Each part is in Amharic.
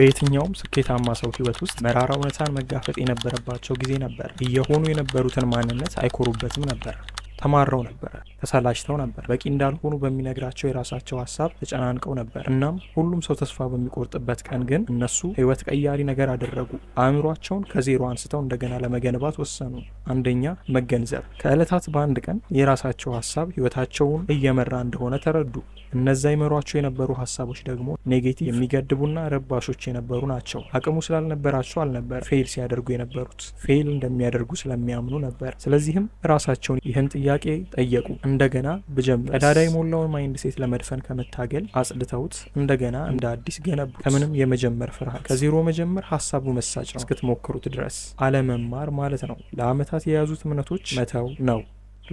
በየትኛውም ስኬታማ ሰው ህይወት ውስጥ መራራ እውነታን መጋፈጥ የነበረባቸው ጊዜ ነበር። እየሆኑ የነበሩትን ማንነት አይኮሩበትም ነበር። ተማረው ነበረ። ተሰላችተው ነበር። በቂ እንዳልሆኑ በሚነግራቸው የራሳቸው ሀሳብ ተጨናንቀው ነበር። እናም ሁሉም ሰው ተስፋ በሚቆርጥበት ቀን ግን እነሱ ህይወት ቀያሪ ነገር አደረጉ። አእምሯቸውን ከዜሮ አንስተው እንደገና ለመገንባት ወሰኑ። አንደኛ መገንዘብ። ከእለታት በአንድ ቀን የራሳቸው ሀሳብ ህይወታቸውን እየመራ እንደሆነ ተረዱ። እነዛ ይመሯቸው የነበሩ ሀሳቦች ደግሞ ኔጌቲቭ፣ የሚገድቡና ረባሾች የነበሩ ናቸው። አቅሙ ስላልነበራቸው አልነበር ፌል ሲያደርጉ የነበሩት ፌል እንደሚያደርጉ ስለሚያምኑ ነበር። ስለዚህም ራሳቸውን ይህን ጥያቄ ጠየቁ። እንደገና ብጀምር ቀዳዳ የሞላውን ማይንድ ሴት ለመድፈን ከመታገል አጽድተውት እንደገና እንደ አዲስ ገነቡ። ከምንም የመጀመር ፍርሃት፣ ከዜሮ መጀመር ሀሳቡ መሳጭ ነው እስክትሞክሩት ድረስ አለመማር ማለት ነው። ለአመታት የያዙት እምነቶች መተው ነው።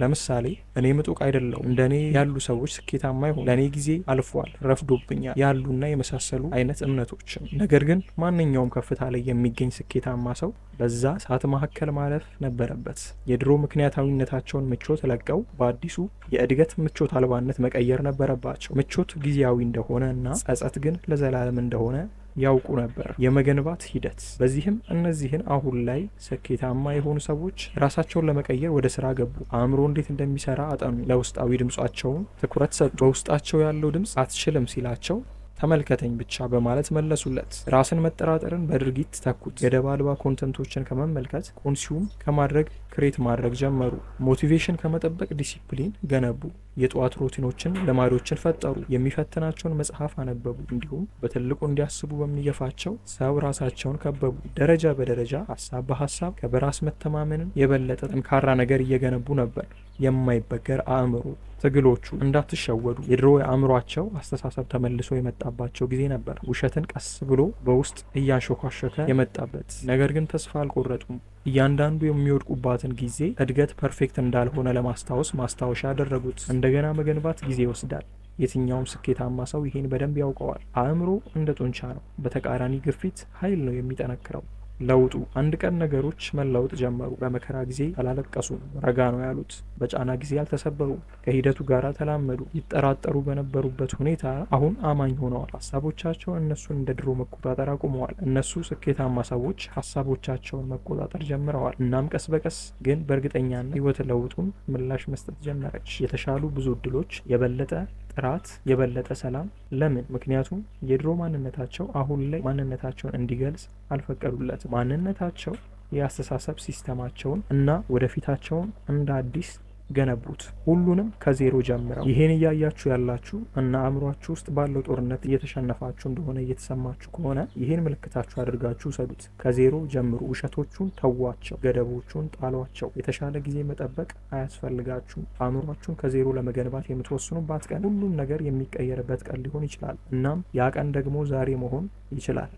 ለምሳሌ እኔ ምጡቅ አይደለው እንደ እኔ ያሉ ሰዎች ስኬታማ ይሆኑ፣ ለእኔ ጊዜ አልፏል፣ ረፍዶብኛል ያሉና የመሳሰሉ አይነት እምነቶችም። ነገር ግን ማንኛውም ከፍታ ላይ የሚገኝ ስኬታማ ሰው በዛ ሰዓት መካከል ማለፍ ነበረበት። የድሮ ምክንያታዊነታቸውን ምቾት ለቀው በአዲሱ የእድገት ምቾት አልባነት መቀየር ነበረባቸው። ምቾት ጊዜያዊ እንደሆነ እና ጸጸት ግን ለዘላለም እንደሆነ ያውቁ ነበር የመገንባት ሂደት። በዚህም እነዚህን አሁን ላይ ስኬታማ የሆኑ ሰዎች ራሳቸውን ለመቀየር ወደ ስራ ገቡ። አእምሮ እንዴት እንደሚሰራ አጠኑ። ለውስጣዊ ድምጿቸውም ትኩረት ሰጡ። በውስጣቸው ያለው ድምጽ አትችልም ሲላቸው ተመልከተኝ ብቻ በማለት መለሱለት። ራስን መጠራጠርን በድርጊት ተኩት። ገደብ አልባ ኮንተንቶችን ከመመልከት ኮንሱም ከማድረግ ክሬት ማድረግ ጀመሩ። ሞቲቬሽን ከመጠበቅ ዲሲፕሊን ገነቡ። የጠዋት ሩቲኖችን፣ ልማዶችን ፈጠሩ። የሚፈትናቸውን መጽሐፍ አነበቡ። እንዲሁም በትልቁ እንዲያስቡ በሚገፋቸው ሰው ራሳቸውን ከበቡ። ደረጃ በደረጃ ሀሳብ በሀሳብ ከበራስ መተማመንን የበለጠ ጠንካራ ነገር እየገነቡ ነበር። የማይበገር አእምሮ ትግሎቹ እንዳትሸወዱ የድሮ የአእምሯቸው አስተሳሰብ ተመልሶ የመጣባቸው ጊዜ ነበር። ውሸትን ቀስ ብሎ በውስጥ እያሾካሸከ የመጣበት ነገር ግን ተስፋ አልቆረጡም። እያንዳንዱ የሚወድቁባትን ጊዜ እድገት ፐርፌክት እንዳልሆነ ለማስታወስ ማስታወሻ ያደረጉት። እንደገና መገንባት ጊዜ ይወስዳል። የትኛውም ስኬታማ ሰው ይሄን በደንብ ያውቀዋል። አእምሮ እንደ ጡንቻ ነው። በተቃራኒ ግፊት ኃይል ነው የሚጠነክረው። ለውጡ አንድ ቀን ነገሮች መለወጥ ጀመሩ። በመከራ ጊዜ አላለቀሱም፣ ረጋ ነው ያሉት። በጫና ጊዜ አልተሰበሩም፣ ከሂደቱ ጋር ተላመዱ። ይጠራጠሩ በነበሩበት ሁኔታ አሁን አማኝ ሆነዋል። ሀሳቦቻቸው እነሱን እንደ ድሮ መቆጣጠር አቁመዋል። እነሱ ስኬታማ ሰዎች ሀሳቦቻቸውን መቆጣጠር ጀምረዋል። እናም ቀስ በቀስ ግን በእርግጠኛና ህይወት ለውጡን ምላሽ መስጠት ጀመረች። የተሻሉ ብዙ እድሎች የበለጠ ጥራት የበለጠ ሰላም። ለምን? ምክንያቱም የድሮ ማንነታቸው አሁን ላይ ማንነታቸውን እንዲገልጽ አልፈቀዱለትም። ማንነታቸው የአስተሳሰብ ሲስተማቸውን እና ወደፊታቸውን እንደ አዲስ ገነቡት። ሁሉንም ከዜሮ ጀምረው። ይሄን እያያችሁ ያላችሁ እና አእምሯችሁ ውስጥ ባለው ጦርነት እየተሸነፋችሁ እንደሆነ እየተሰማችሁ ከሆነ ይሄን ምልክታችሁ አድርጋችሁ ሰዱት። ከዜሮ ጀምሩ። ውሸቶቹን ተዋቸው፣ ገደቦቹን ጣሏቸው። የተሻለ ጊዜ መጠበቅ አያስፈልጋችሁም። አእምሯችሁን ከዜሮ ለመገንባት የምትወስኑባት ቀን ሁሉም ነገር የሚቀየርበት ቀን ሊሆን ይችላል። እናም ያ ቀን ደግሞ ዛሬ መሆን ይችላል።